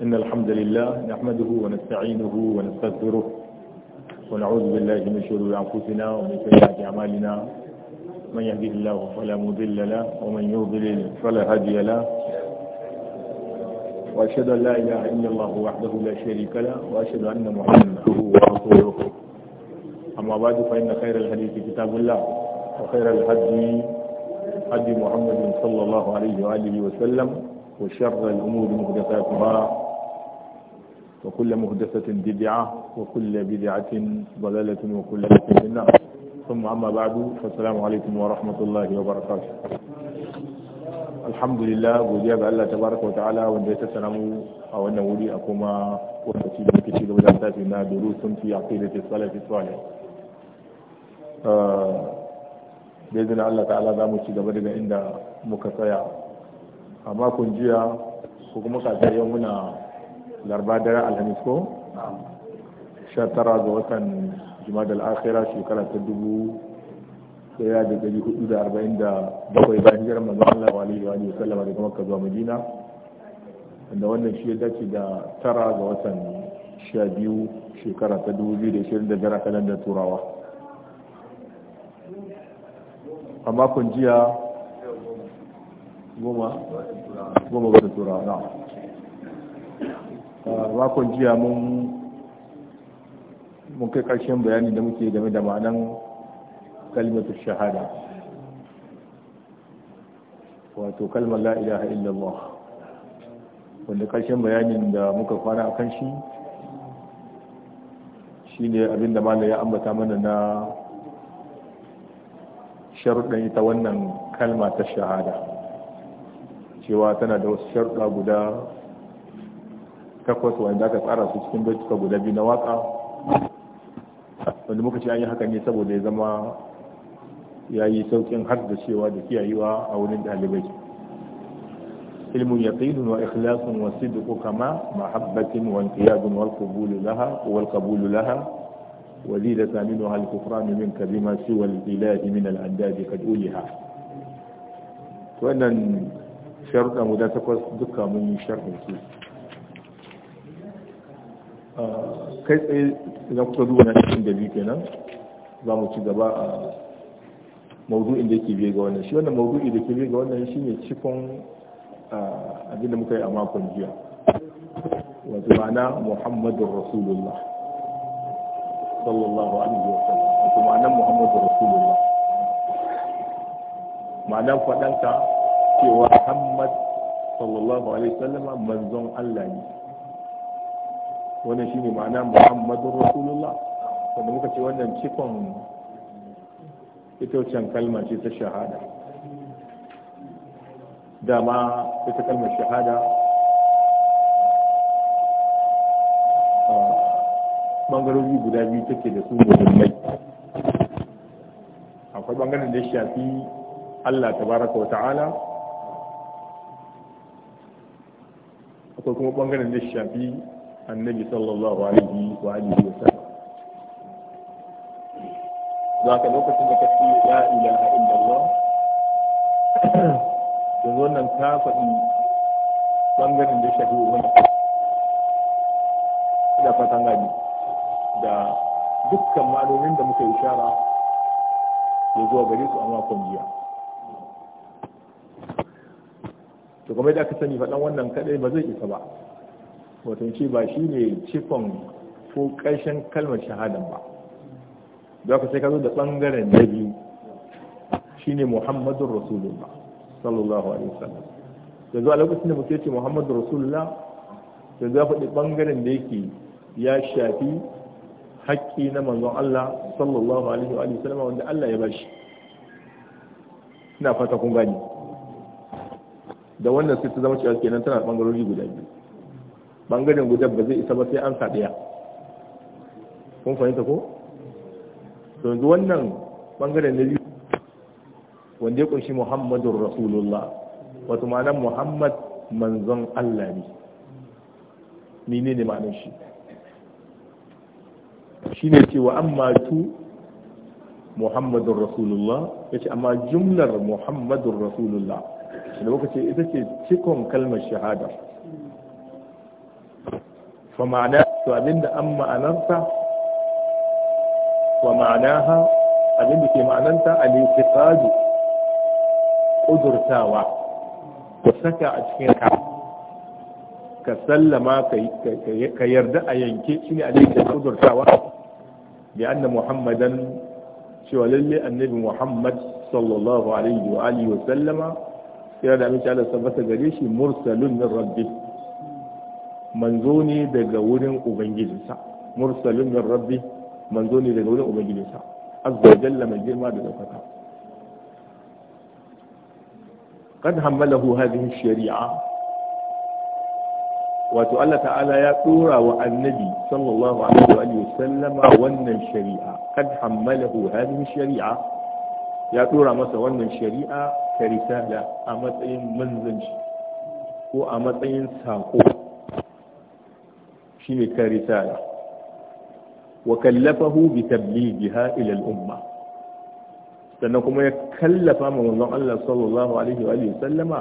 إن الحمد لله نحمده ونستعينه ونستغفره ونعوذ بالله من شرور أنفسنا ومن سيئات أعمالنا من يهده الله فلا مضل له ومن يضلل فلا هادي له وأشهد أن لا إله إلا الله وحده لا شريك له وأشهد أن محمدا ورسوله أما بعد فإن خير الحديث كتاب الله وخير الهدي هدي محمد صلى الله عليه وآله وسلم وشر الأمور محدثاتها وكل مهدسة بدعة وكل بدعة ضلالة وكل في النار ثم أما بعد فالسلام عليكم ورحمة الله وبركاته الحمد لله godiya ga Allah tabaraka wa ta'ala wanda ya tattara mu a wannan wuri a kuma wanda ci da kici da wajen tafi na duru sun fi aqidati salafi salih da izinin Allah ta'ala za mu ci gaba daga inda muka tsaya a makon jiya ko kuma yau muna larba daren alhamis ko sha tara ga watan da al'akhira shekara ta dubu daya da dari hudu da arba'in da bakwai bayan hijirar manzon Allah wa alihi wa alihi sallama daga makka zuwa madina wanda wannan shi ya dace da tara ga watan sha biyu shekara ta dubu biyu da shirin da biyar kalan da turawa a makon jiya goma goma wata turawa na makon jiya mun kai karshen bayani da muke game da ma'anan kalmatu shahada wato kalmar la ilaha illallah wanda karshen bayanin da muka kwana akan shi shi ne abinda malam ya ambata mana na sharuɗan ita wannan kalma ta shahada cewa tana da wasu sharuɗa guda takwas wanda aka tsara su cikin baituka guda biyu na waka wanda muka ce an yi haka ne saboda ya zama ya yi saukin har da cewa da kiyayewa a wurin ɗalibai ilmun yaqinun wa ikhlasun wa sidqu kama mahabbatin wa inqiyadun wal qabulu laha wal qabulu laha wa zidata minha al kufran min bima siwa wal ilahi min al andad qad uliha wannan sharuɗa guda takwas duka mun yi sharhin su kai tsaye idan kuka duba na cikin da biyu kenan za mu ci gaba a maudu'in da ke biye ga wannan shi wannan maudu'i da ke biye ga wannan shi ne cikon abin da muka yi a makon jiya wato ma'ana Muhammadu rasulullah sallallahu alaihi wa sallam wato ma'ana muhammadu rasulullah Ma'ana faɗanka cewa muhammad sallallahu alaihi wa sallam manzon allah ne wannan shine ma'ana muhammadun rasulullah wanda muka ce wannan cikon ita wancan kalma ce ta shahada dama ita kalmar shahada bangarori guda biyu take da su mai akwai bangaren da shafi allah tabaraka wa ta'ala akwai kuma bangaren da shafi annabi sallallahu alaihi wa alihi wa sallam ka lokacin da kace la ilaha illallah yanzu wannan ka faɗi bangaren da shafi wani da fatan gani da dukkan ma'anomin da muka ishara ya zuwa gare su a makon jiya to kamar da aka sani faɗan wannan kaɗai ba zai isa ba wato ce ba shi ne cikon ko ƙarshen kalmar shahadan ba za ka sai ka zo da ɓangaren na biyu shi ne muhammadun rasulullah sallallahu alaihi wasallam yanzu zuwa lokacin da mutum ya ce muhammadun rasulullah da ya faɗi ɓangaren da yake ya shafi haƙƙi na manzon Allah sallallahu alaihi wa sallam wanda Allah ya bashi ina fata kun gani da wannan sai ta zama cewa kenan tana ɓangarori guda biyu bangaren guda ba zai isa ba sai an sa daya kun fahimta ko to yanzu wannan bangaren na biyu wanda ya kunshi muhammadun rasulullah wato ma'anar muhammad manzon allah ne mene ne ma'anar shi shi ne cewa amma tu muhammadun rasulullah ya ce amma jumlar muhammadun rasulullah shi da ce ita ce cikon kalmar shahada fa ma'ana to wa ma'anaha abinda ke ma'ananta al-i'tiqadu kudurtawa ka saka a cikin ka ka sallama ka yarda a yanke shine al-i'tiqadu kudurtawa bi anna muhammadan cewa lalle annabi muhammad sallallahu alaihi wa sallama sabbata gare shi manzo ne daga wurin ubangijinsa mursalin min rabbi manzo ne daga wurin ubangijinsa azza wa jalla mai girma da daukaka kad hammalahu hadhihi shari'a wato Allah ta'ala ya dora wa annabi sallallahu alaihi wa sallama wannan shari'a kad hammalahu hadhihi shari'a ya dora masa wannan shari'a ta risala a matsayin manzanci ko a matsayin sako shine kan risala wa kallafahu bi tablighiha ila al-umma sannan kuma ya kallafa ma manzon Allah sallallahu alaihi wa sallama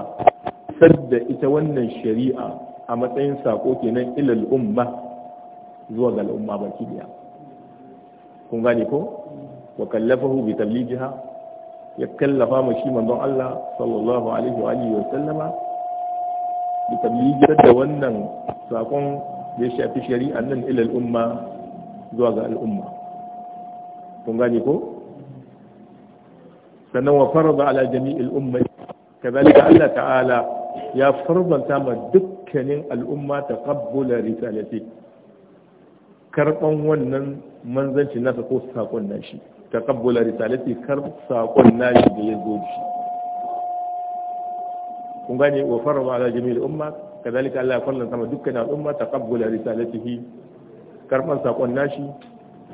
sadda ita wannan shari'a a matsayin sako kenan ila al-umma zuwa ga al-umma baki daya kun gane ko wa kallafahu bi tablighiha ya kallafa ma shi manzon Allah sallallahu alaihi wa sallama bi tablighi da wannan sakon da ya shafi shari'an nan ilal umma zuwa ga al'umma kun gane ko sannan wa farza ala jami'il umma kazalika Allah ta'ala ya farzanta ma dukkanin al'umma taqabbula risalati karban wannan manzanci nasa ko sakon nashi taqabbula risalati kar sakon nashi da ya zo shi kun gane wa farza ala jami'il umma kazalika Allah ya sama dukkan al'umma taqabbula risalatihi karban sakon nashi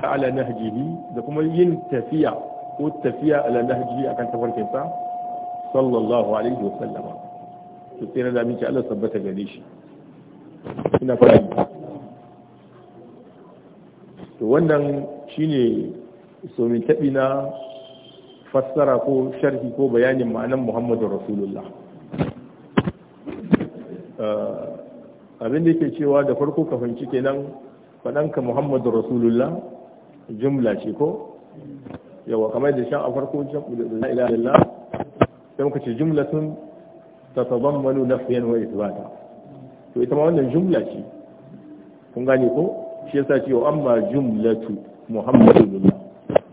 ala nahjihi da kuma yin tafiya ko tafiya ala akan tafarkin sallallahu alaihi wa sallama to na da miki Allah tabbata gare shi ina fara to wannan shine somin tabi na fassara ko sharhi ko bayanin ma'anan muhammadun Rasulullah abin da yake cewa da farko ka fahimci kenan faɗanka muhammadu rasulullah jumla ce ko yawa kamar da shan a farko la ilaha illallah sai muka ce jumlatun tatadammanu nafyan wa ithbata to ita ma wannan jumla ce kun gane ko shi yasa ce wa amma jumlatu muhammadullah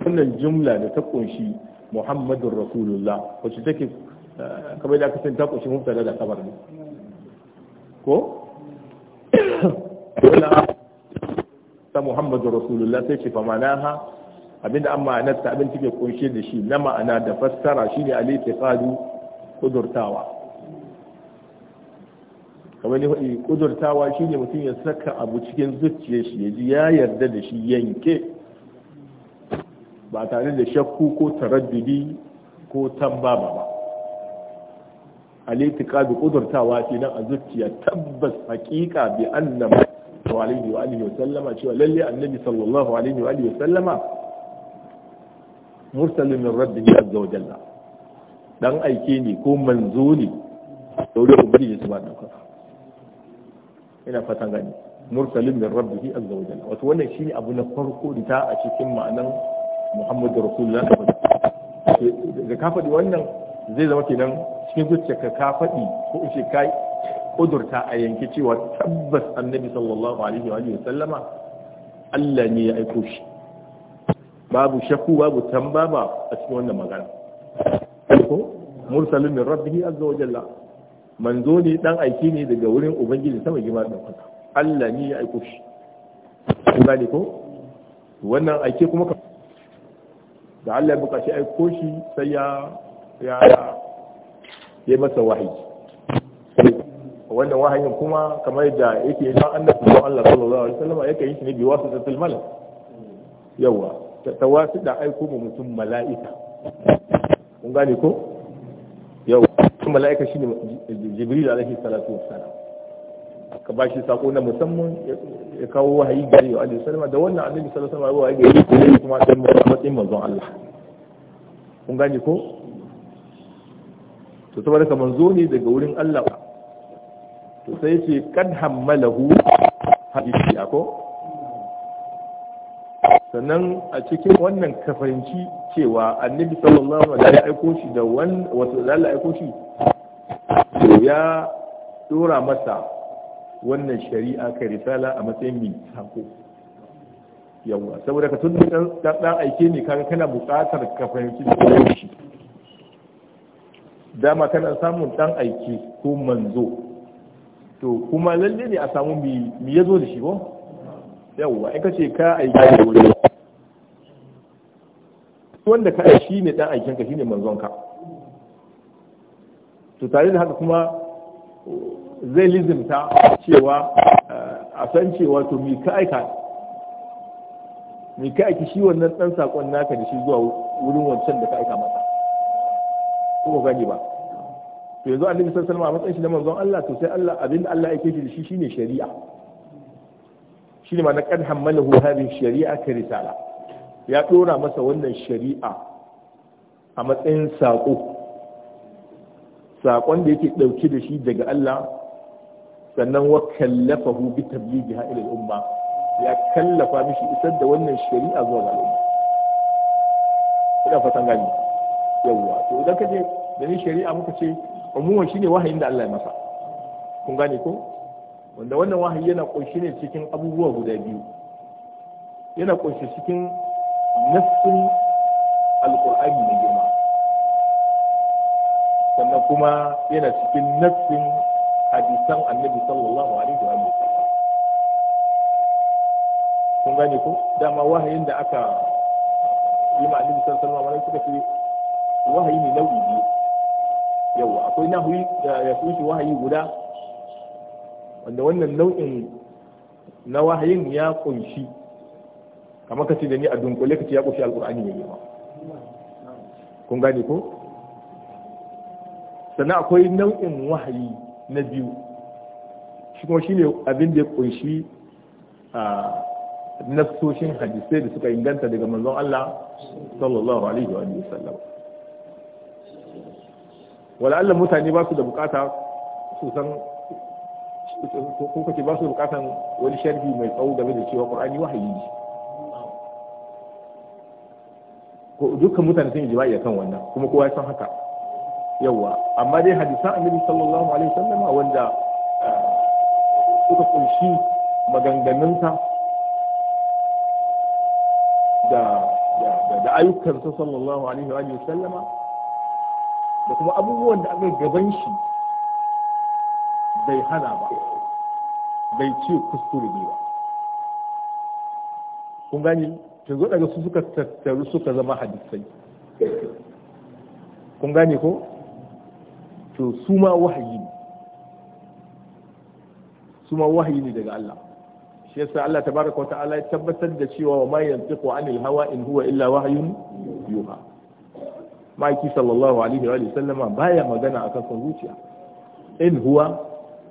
wannan jumla da ta kunshi muhammadur rasulullah wacce take eh, kamar da aka san ta kunshi mubtada da khabar ne ko dole ta muhammadu rasulullah sai ce fa famanaha abinda an ma'anarta abin take kunshe da shi na ma'ana da fassara shine al-i'tiqadu kudurtawa kamar ne faɗi kudurtawa shine mutum ya saka abu cikin zuciyar shi ya ji ya yarda da shi yanke ba tare da shakku ko taraddudi ko tambaba ba al-i'tiqadu kudurtawa nan a zuciya tabbas haƙiƙa bi annama alaihi wa alihi wa sallama cewa lalle annabi sallallahu alaihi wa alihi wa sallama mursalin min rabbihi azza wa jalla dan aike ne ko manzo ne dole ku bari su ba dauka ina fatan gani mursalin min rabbihi azza wa jalla wato wannan shine abu na farko da ta a cikin ma'anan muhammadu rasulullah da ka faɗi wannan zai zama kenan cikin zuciyarka ka faɗi ko in ce kai kudurta a yanki cewa tabbas annabi sallallahu alaihi wa sallama Allah ne ya aiko shi babu shakku babu tambaba a cikin wannan magana ko mursalun min rabbihi azza wa jalla manzo ne dan aiki ne daga wurin ubangiji sama gima da kuka Allah ne ya aiko shi gani ko wannan aike kuma da Allah ya buƙaci aiko shi sai ya ya yi masa wahayi Wannan wahayin kuma kamar da yake san annabi Allah sallallahu alaihi wasallam yake yin shi ne bi wasitatil malak yawa ta wasita aiko mu mutum mala'ika kun gane ko yawa mutum mala'ika shine jibril alaihi salatu wassalam ka ba shi sako na musamman ya kawo wahayi gari wa alaihi wasallam da wannan annabi sallallahu alaihi wasallam ya yi gari kuma sai matsayin manzon Allah kun gane ko to saboda ka manzo ne daga wurin Allah to sai ce kad hammalahu hadisi ko sannan a cikin wannan kafarinci cewa annabi sallallahu alaihi ya aiko shi da wasu Allah aiko shi to ya dora masa wannan shari'a kai risala a matsayin mai sako yawa saboda ka tunni dan dan aike ne kaga kana buƙatar ka fahimci da shi dama kana samun dan aiki ko manzo to kuma lalle ne a samu mi ya zo da shi ba yawwa in ka ce ka aiki da wani wanda ka aiki shi ne dan aikin ka shi ne manzon ka to tare da haka kuma zai lizimta cewa eh, a san cewa to mi ka aika mi ka aiki shi wannan dan sakon naka da shi zuwa wurin wancan da ka aika masa ko gani ba to yanzu annabi sallallahu alaihi wasallam a matsayin shi manzon Allah to sai Allah abinda Allah yake shi da shi shine shari'a shine ma na kad hamalahu hadhihi shari'a ka risala ya dora masa wannan shari'a a matsayin sako sakon da yake dauke da shi daga Allah sannan wa kallafahu bi tablighiha ila al-umma ya kallafa mishi isar da wannan shari'a zuwa ga al'umma ina fatan gani yawwa to idan kaje da ni shari'a muka ce umuwan shine wahayin da Allah ya masa kun gane ko wanda wannan wahayi yana kunshi ne cikin abubuwa guda biyu yana kunshi cikin nassin alqur'ani da girma sannan kuma yana cikin nassin hadisan annabi sallallahu alaihi wa sallam kun gane ko dama wahayin da aka yi ma annabi sallallahu alaihi wa sallam suka ce wahayi ne nau'i biyu yawa akwai nahwi da ya kunshi wahayi guda wanda wannan nau'in na wahayin ya kunshi kamar ka ce da ni a dunkule ka ce ya kunshi alkur'ani mai ma kun gane ko sannan akwai nau'in wahayi na biyu shi kuma shine abin da ya kunshi a nafsoshin hadisai da suka inganta daga manzon Allah sallallahu alaihi wa sallam wala'allan mutane ba su da bukata su san ko kake ba su bukatan wani sharhi mai tsawo game da cewa qur'ani wahayi ne ko dukkan mutane sun yi jima'i a kan wannan kuma kowa ya san haka yawa amma dai hadisan annabi sallallahu alaihi wasallam wanda eh, suka kunshi maganganunsa da da da ayyukansa sallallahu alaihi wa sallama da kuma abubuwan da aka gaban shi bai hana ba bai ce kuskure ne ba kun gani zo daga su suka tattaru suka zama hadisai kun gane ko to su ma wahayi ne su ma wahayi ne daga Allah shi yasa Allah tabaraka wa ta'ala ya tabbatar da cewa wa ma yantiqu anil hawa in huwa illa wahyun yuha ma'aiki sallallahu alaihi wa sallama baya magana akan son zuciya in huwa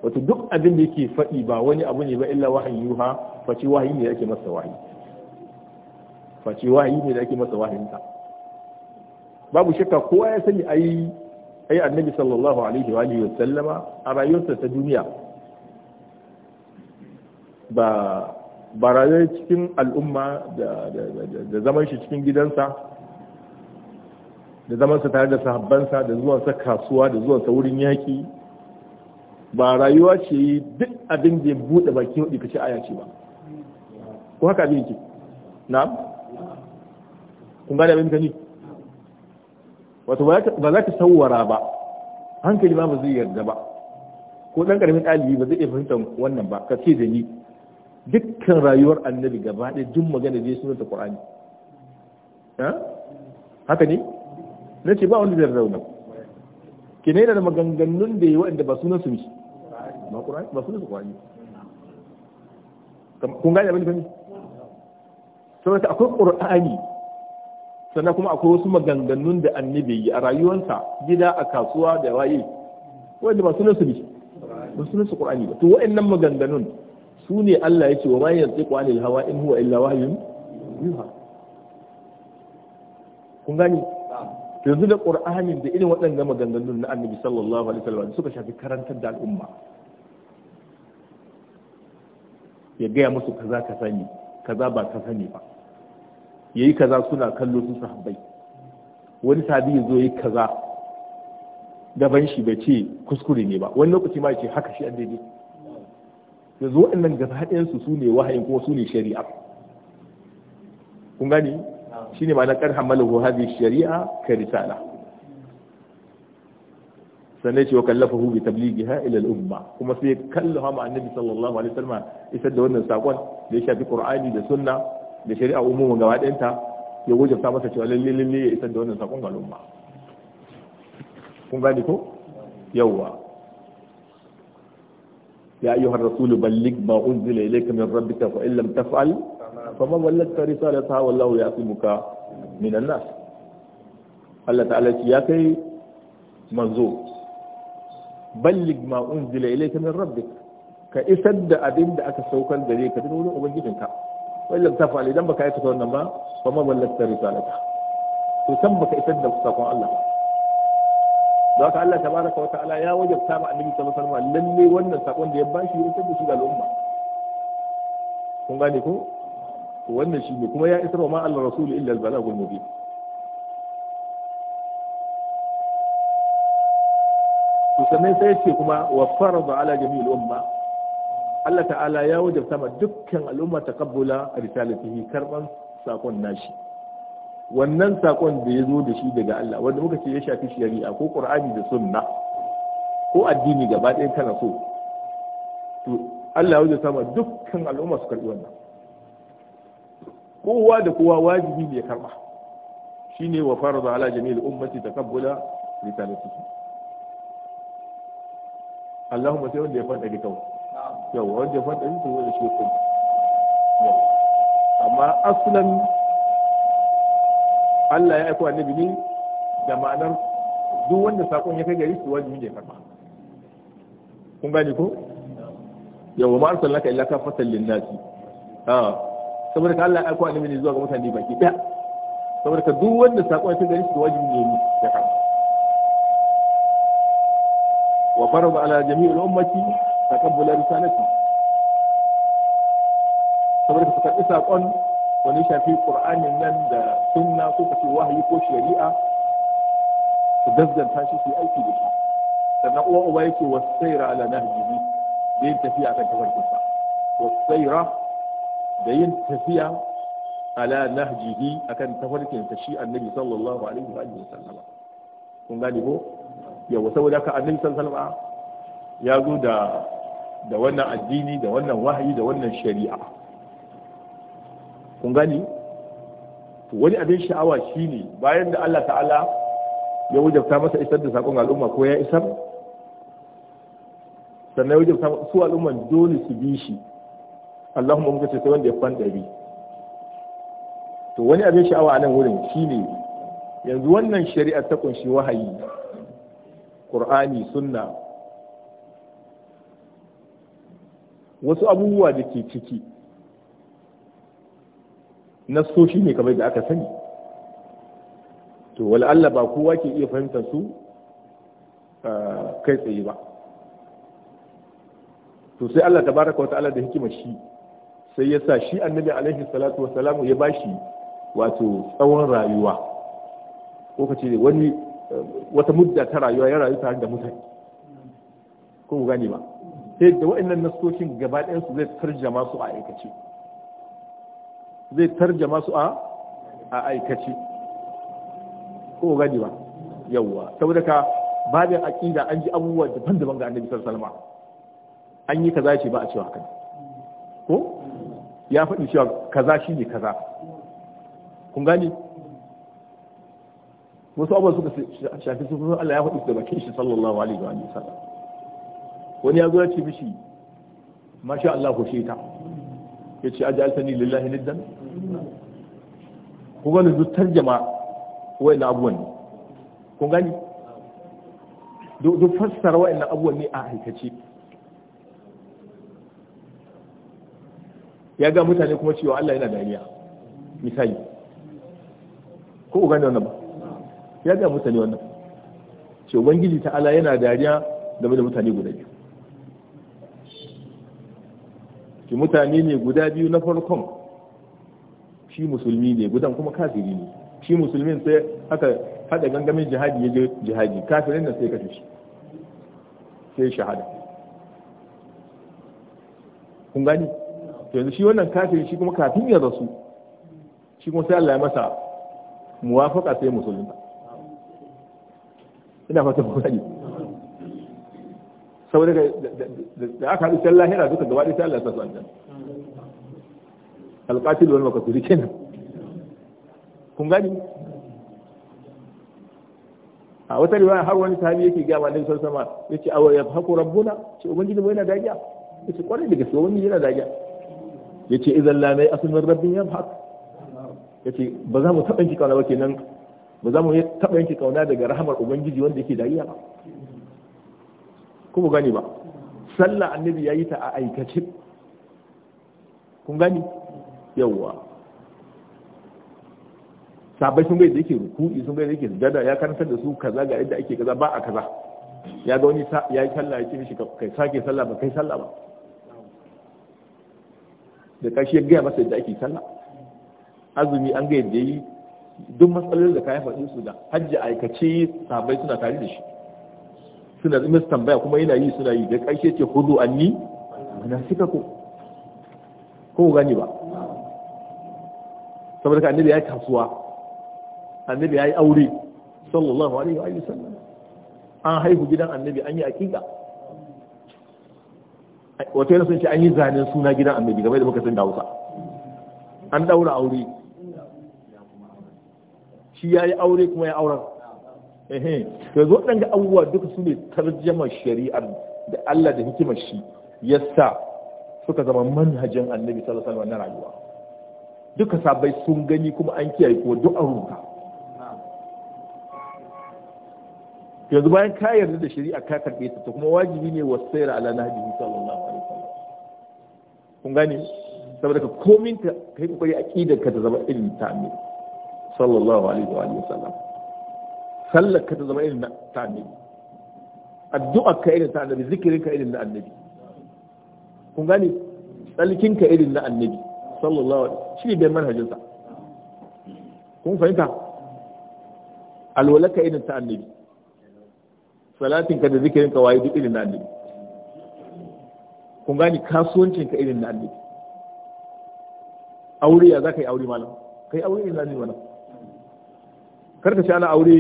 wato duk abin da yake faɗi ba wani abu ne ba illa wahayi yuha face wahayi ne ake masa wahayi face wahayi ne da ake masa wahayinta babu shakka kowa ya sani ai ai annabi sallallahu alaihi wa alihi wa sallama a rayuwarsa ta duniya ba ba rayuwar cikin al'umma da da zaman shi cikin gidansa da zamansa tare da sahabbansa da zuwansa kasuwa da zuwansa wurin yaki ba rayuwa ce duk abin da ya buɗe baki hudu kace aya ce ba ko haka abin yake na'am kun gane abin gani wato ba za ka sawwara ba hankali ba ba zai yarda ba ko dan karamin ɗalibi ba zai iya fahimtar wannan ba ka ce da ni dukkan rayuwar annabi gaba ɗaya duk magana da ya sunan ta qur'ani haka ne na ce ba wanda zai rauna ke ne da maganganun da yi waɗanda ba sunan su ne ba sunan su kwani kun gani abin da sau da akwai ƙur'ani sannan kuma akwai wasu maganganun da annabi yi a rayuwarsa gida a kasuwa da waye wanda ba sunan su ne ba sunan su ƙur'ani ba to waɗannan maganganun su ne Allah ya ce wa ma yantiqu anil hawa in huwa illa wahyun yuha kun gani yanzu da qur'anin da irin waɗannan maganganun na annabi sallallahu alaihi wasallam suka shafi karantar da al'umma ya gaya musu kaza ka sani kaza ba ka sani ba yayi kaza suna kallo su sahabbai wani sabi ya zo yayi kaza gaban shi bai ce kuskure ne ba wani lokaci ma ya ce haka shi an daidai yanzu waɗannan gaba ɗayansu su ne wahayin kuma su ne shari'a kun gani shine ma'ana kar hamalahu hadhihi shari'a ka risala sannan ce wa hu bi tabligi ha ilal umma kuma sai kallafa ma annabi sallallahu alaihi wasallam isa da wannan sakon da ya shafi qur'ani da sunna da shari'a umumin gaba ɗayanta ya wajabta masa cewa lalle lalle ya isa da wannan sakon ga al'umma kun gani ko yawwa ya ayyuhar rasul balligh ma unzila ilayka min rabbika fa in taf'al faman wallata ta wallahu ya fi muka minan nas Allah ta'ala ya kai manzo ballig ma unzila ilayka min rabbik ka isar da abin da aka saukar gare ka daga wurin ka. wallan ta fa'ali idan baka tsawon wannan ba kuma wallata ta to san baka isar da sakon Allah da don haka Allah tabaraka wa ta'ala ya wajabta ma annabi sallallahu alaihi wasallam lalle wannan sakon da ya bashi ya isar da shi ga al'umma kun gane ko wannan shi ne kuma ya isar wa ma Allah rasul illa al-balagul mubin to sannan sai ce kuma wa farada ala jami'il umma Allah ta'ala ya wajabta ma dukkan al'umma taqabbula risalatihi karban sakon nashi wannan sakon da ya zo da shi daga Allah wanda muka ce ya shafi shari'a ko Qur'ani da Sunna ko addini gaba ɗaya kana so to Allah ya wajabta ma dukkan al'umma su karbi wannan kowa da kowa wajibi ne ya karba shine wa farada ala jami'il ummati taqabbula risalatihi Allahumma sai wanda ya fada ga kawai yawa wanda ya fada shi wanda shi kuma amma aslan Allah ya aika annabi ne da ma'anar duk wanda sakon ya kai gari su wajibi ne ya karba kun gane ko yawa ma arsalnaka illa fasal lin-nasi ah saboda ka Allah ya aiko mini zuwa ga mutane baki daya saboda ka duk wanda sako ya gare shi wajibi ne yi ya kan wa farada ala jami'il ummati taqabbala risalati saboda ka karbi sakon wani shafi qur'anin nan da sunna ko kace wahayi ko shari'a su gaskanta shi su aiki da shi sannan uwa uba yake wasaira ala nahjihi da tafiya kan tafarkinsa wasaira da yin tafiya ala nahjihi akan tafarkin ta shi annabi sallallahu alaihi wa alihi sallama kun gane ko yawa saboda ka annabi sallallahu alaihi ya zo da da wannan addini da wannan wahayi da wannan shari'a kun gani wani abin sha'awa shine bayan da Allah ta'ala ya wajabta masa isar da sakon al'umma ko ya isar sannan ya wajabta su al'umman dole su bi shi Allahumma muka ce sai wanda ya fandari to wani abin sha'awa a nan wurin shine yanzu wannan shari'a ta kunshi wahayi Qur'ani sunna wasu abubuwa da ke ciki shi ne kamar da aka sani to wal'alla ba kowa ke iya fahimtar su ah, kai tsaye ba to sai Allah baraka wata ta'ala da hikimar shi sai ya sa shi annabi alaihi salatu wa salam ya bashi wato tsawon rayuwa ko ka ce wani wata mudda ta rayuwa ya rayu tare da mutane ko ku gane ba sai da wa'annan nasoshin gaba ɗayan su zai tarjama su a aikace zai tarjama su a a aikace ko ku gane ba yawwa saboda ka babin aqida an ji abubuwa daban-daban ga annabi sallallahu alaihi wasallam an yi kaza ce ba a cewa haka ya faɗi cewa kaza shi ne kaza kun gani wasu abubuwa suka shafi sufufin Allah ya faɗi da bakin shi sallallahu alaihi wa sallam wani ya zo ya ce mishi masha Allah ko ta ya ce sani lillahi niddan kun gani duk tarjama wa'annan abubuwan ne kun gani duk fassara wa'annan abubuwan ne a aikace ya ga mutane kuma cewa Allah yana dariya misali ko ugan da wannan ba ya ga mutane wannan ce ubangiji ta Allah yana dariya game da mutane guda biyu ki mutane ne guda biyu na farkon shi musulmi ne gudan kuma kafiri ne shi musulmin sai aka hada gangamin jihadi ya je jihadi kafirin nan sai kashe shi sai shahada kun gani to yanzu shi wannan kafiri shi kuma kafin ya rasu shi kuma sai Allah ya masa muwafaka sai musulunta ina fata ko gani saboda da aka haɗu can lahira duka gaba ɗaya sai Allah ya sa wani aljanna alƙatil wal kenan kun gani a wata riwaya har wani sahabi yake ga manzon sallallahu alaihi ce yace ya yadhaku rabbuna ce ubangiji mu yana dagiya yace kwarai da gaske wani yana dagiya yace idan la mai asmin rabbin ya yace ba za mu taɓa yanki kauna ba kenan ba za mu taɓa yanki kauna daga rahamar ubangiji wanda yake dariya ba kuma gani ba sallah annabi ya yi ta a aikace kun gani yawwa sabai sun bai da yake ruku'i sun bai da yake sujada ya karantar da su kaza ga yadda ake kaza ba a kaza ya ga wani ya yi sallah ya ce mishi kai sake sallah ba kai sallah ba da kashi ya gaya masa yadda ake kalla azumi an ga yadda yi duk matsalar da kayan faɗin su da hajji aikace sabai suna tare da shi suna zama su tambaya kuma yana yi suna yi da ƙarshe ce hudu an ni na suka ko ko gani ba saboda ka annabi ya yi kasuwa annabi ya yi aure sallallahu alaihi wa sallam an haihu gidan annabi an yi aƙiƙa wata yana sun ce an yi zanen suna gidan annabi game da muka sun da hausa an daura aure shi ya yi aure kuma ya auren to zo ɗan abubuwa duka su ne tarjama shari'ar da Allah da hikimar shi ya sa suka zama manhajin annabi sallallahu alaihi na rayuwa duka sabai sun gani kuma an kiyaye kuma duk an rubuta yanzu bayan ka yarda da shari'a ka karbe ta kuma wajibi ne wasair ala nahjihi sallallahu alaihi wasallam kun gane saboda ka komin ta kai kokari aqidar ka ta zama irin ta annabi sallallahu alaihi wa alihi wasallam sallar ka ta zama irin ta annabi Addu'a ka irin ta annabi zikirin ka irin na annabi kun gane tsalkin ka irin na annabi sallallahu alaihi wasallam shi ne manhajinsa kun fahimta alwala ka irin ta annabi salatin ka da zikirin ka waye duk irin na annabi kun gani kasuwancin ka irin na annabi aure ya ka yi aure malam kai aure irin na annabi malam kar ka sha ana aure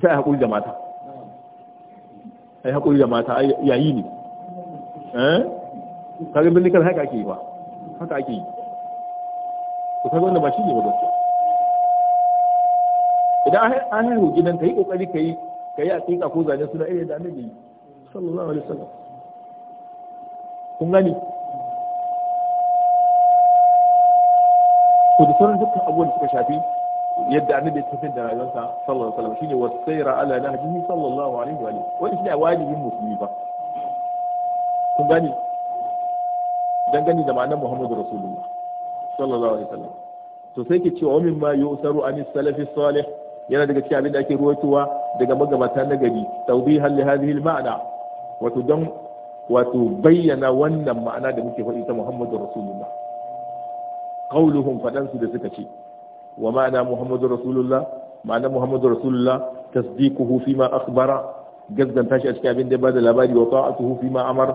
sai a haƙuri da mata ai haƙuri da mata yayi ne eh ka ga bindikar haka ake yi ba haka ake yi to kaga wannan ba shi ne ba gaskiya idan an haihu gidan ka yi kokari ka yi ka yi aƙiƙa ko zane suna zane da annabi yi sallallahu alaihi wasallam kun gani ku da dukkan abubuwan da suka shafi yadda annabi ya tafi da rayuwarsa sallallahu alaihi wasallam shine wasaira ala nahjihi sallallahu alaihi wa alihi wani shine wajibin musulmi ba kun gani dan gani da ma'anar Muhammadu Rasulullah sallallahu alaihi wasallam to sai ke cewa min ma yusaru anis salafi salih yana daga cikin abin da ake ruwaitowa daga magabata na gari tawdihan li hadhihi al ma'ana wato don wato bayyana wannan ma'ana da muke faɗi ta Muhammadu Rasulullah qauluhum fadan su da suka ce wa ma'ana Muhammadu Rasulullah ma'ana Muhammadu Rasulullah tasdiquhu ma akhbara gaskanta shi a cikin abin da ya bada labari wa ta'atuhu ma amara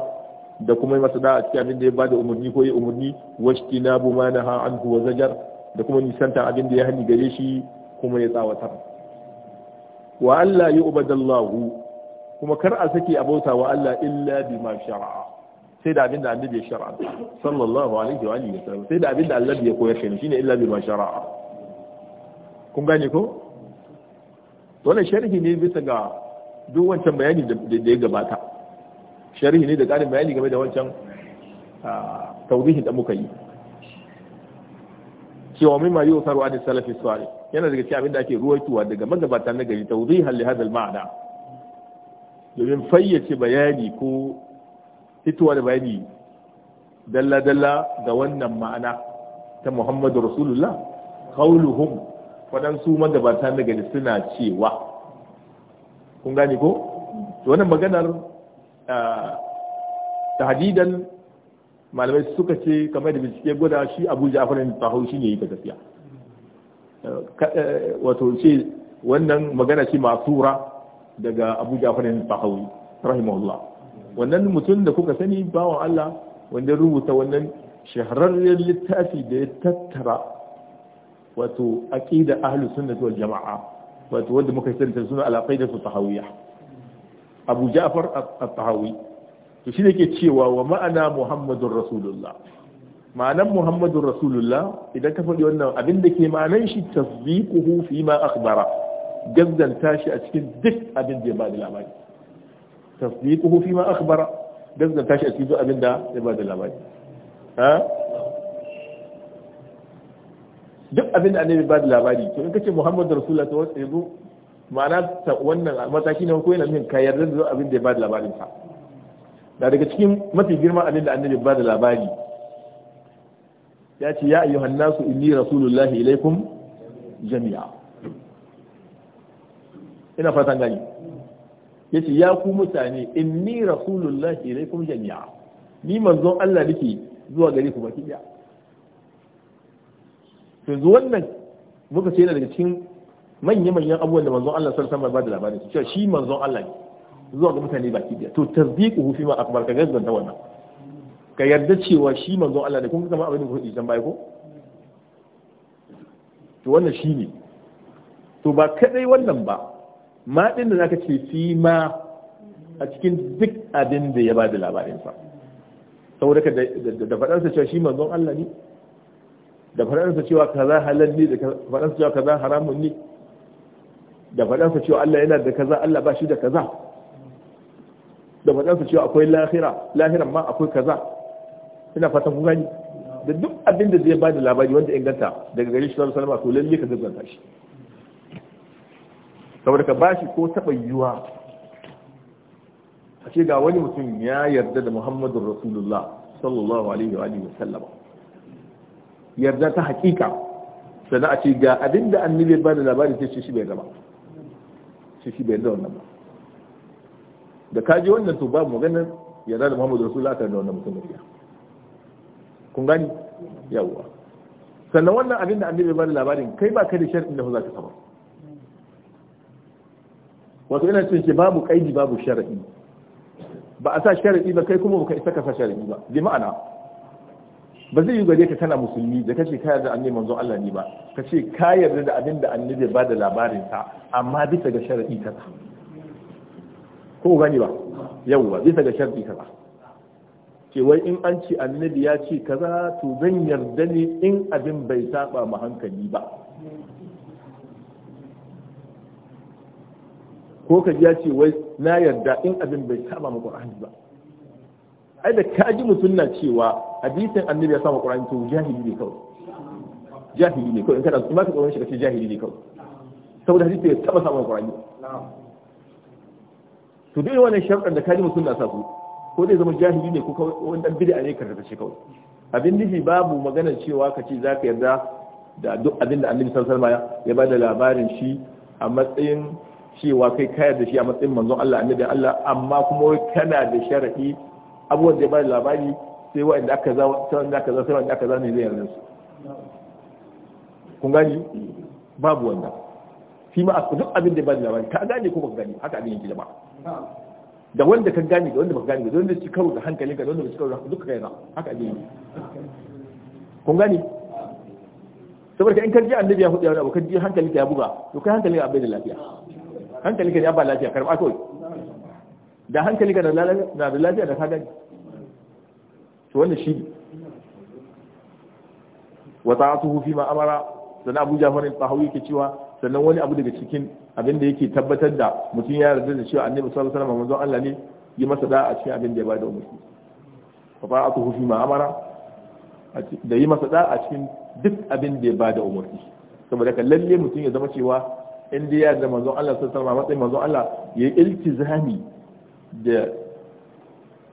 da kuma masa da a cikin abin da ya bada umarni ko ya umarni washtinabu ma ha an wa zajar da kuma nisanta abin da ya hani gare shi kuma ya tsawatar wa Allah yi ubadallahu kuma kar a sake abota wa Allah illa bi ma shara'a sai da abinda annabi ya shara'a sallallahu alaihi wa alihi wasallam sai da abinda annabi ya koyar shi shine illa bi ma shara'a kun gane ko wannan sharhi ne bisa ga duk wancan bayani da ya gabata sharhi ne da ƙarin bayani game da wancan ah, tawdihin da muka yi cewa mimma da salafi salih yana daga cikin abin da ake ruwaitowa daga magabata na gari ta li hadha hadal ma'ana domin fayyace bayani ko fitowa da bayani dalla dalla ga wannan ma'ana ta Muhammadu Rasulullah qauluhum waɗansu magabata na gari suna cewa kun gani ko wannan maganar hadidan ah, malamai suka ce kamar da bincike guda shi abu ja'farin tahau shi ne yi ta gaskiya eh, wato ce wannan magana ce masura daga abu ja'farin tahawi rahimahullah wannan mutum da kuka sani bawan Allah wanda rubuta wannan shahararren littafi da ya tattara wato aqida ahlus sunnati wal jamaa wato wanda muka sani suna da su tahawiyya abu ja'far at-tahawi to shi ke cewa wa ma'ana muhammadun rasulullah ma'anan muhammadun rasulullah idan ka faɗi wannan abin da ke ma'anan shi tasdiquhu fi ma akhbara gazzanta shi a cikin duk abin da ya ba da labari tasdiquhu fi ma akhbara gazzanta shi a cikin duk abin da ya ba da labari ha duk abin da annabi ba da labari to in kace muhammadun rasulullah to wasu yanzu ma'ana wannan mataki na ko yana nufin ka yarda da abin da ya ba da labarin sa da daga cikin mafi girma abin da annabi ba da labari ya ce ya ayyuhan nasu inni rasulullahi ilaikum jami'a ina fatan gani ya ce ya ku mutane inni rasulullahi ilaikum jami'a ni manzon Allah nake zuwa gare ku baki daya yanzu wannan muka ce yana daga cikin manya-manyan abubuwan da manzon Allah sallallahu alaihi wasallam ba da labari cewa shi manzon Allah ne zuwa ga mutane baki daya to tasdiquhu fi ma akbar ka da wannan ka yarda cewa shi manzo Allah ne kun kama abin da kuke can baya ko to wannan shi ne to ba kadai wannan ba ma din da zaka ce fi ma a cikin duk abin da ya bada labarin sa saboda ka da faɗarsa cewa shi manzon Allah ne da faɗarsa cewa kaza halal ne da faɗarsa cewa kaza haramun ne da faɗarsa cewa Allah yana da kaza Allah ba shi da kaza da su cewa akwai lahira lahiran ma akwai kaza ina fatan kun gani da duk abin da zai bada labari wanda inganta daga gari shi sallallahu alaihi wasallam to lalle ka gagganta shi saboda ka bashi ko taba yiwa a ce ga wani mutum ya yarda da Muhammadur Rasulullah sallallahu alaihi wa alihi wasallam yarda ta hakika sannan a ce ga abin da annabi ya bada labari sai shi bai zama shi shi bai zama. wannan ba da kaji wannan to babu maganar ya da Muhammadu Rasulullah kan da wannan mutum ya kun gani yawwa sannan wannan abin da annabi ba da labarin kai ba kai da shar'in da za ka saba wato ina cin ke babu kaidi babu shar'i ba a sa shar'i ba kai kuma ba ka isa ka sa shar'i ba bi ma'ana ba zai yi gare ka kana musulmi da kace ka yarda annabi manzon Allah ne ba kace ka yarda da abin da annabi ba da labarin sa amma bisa ga shar'i kaza ko gani ba yawwa bisa ga sharɗi kaza ce wai in an ce annabi ya ce kaza to zan yarda ne in abin bai saba mu hankali ba ko ka ya ce wai na yarda in abin bai saba mu qur'ani ba ai da ka ji mutum na cewa hadisin annabi ya saba qur'ani to jahili ne kawai jahili ne kawai in kana kuma ka tsoron shi ce jahili ne kawai saboda hadisi ya saba saba qur'ani na'am to dai wannan sharuɗan da kaji mutum na sa ko dai zama jahili ne ko wani dan bid'a ne karanta shi kawai abin nufi babu maganar cewa ka ce zaka yarda da duk abin da annabi sallallahu alaihi wasallam ya bada labarin shi a matsayin cewa kai ka yarda shi a matsayin manzon Allah annabi Allah amma kuma kana da sharadi abubuwan da ya bada labari sai wa'anda aka za wanda aka za sai wanda aka za ne zai yarda su kun gani babu wannan shi ma duk abin da ya bada labari ka gane ko ba ka gane haka abin yake da ba da wanda ka gane da wanda baka gane da wanda ci karo da hankali ka da wanda ci karo duka kai ba haka ake yi kun gane saboda in ka ji annabi ya hudu ya abu ji hankali ka ya buga to kai hankali ka bai da lafiya hankali ka ya ba lafiya karba kawai da hankali ka da lafiya da ka gani to wannan shi ne wa ta'atuhu fi ma amara sannan Abu jafarin tahawi ke cewa sannan wani abu daga cikin abin da yake tabbatar da mutum ya yarda da cewa annabi sallallahu alaihi wasallam manzon Allah ne yi masa da a cikin abin da ya bada umarni fa fa'atuhu fi ma ma'amara da yi masa da a cikin duk abin da ya bada umarni saboda ka lalle mutum ya zama cewa in da ya yarda manzon Allah sallallahu alaihi wasallam matsayin manzon Allah ya yi iltizami da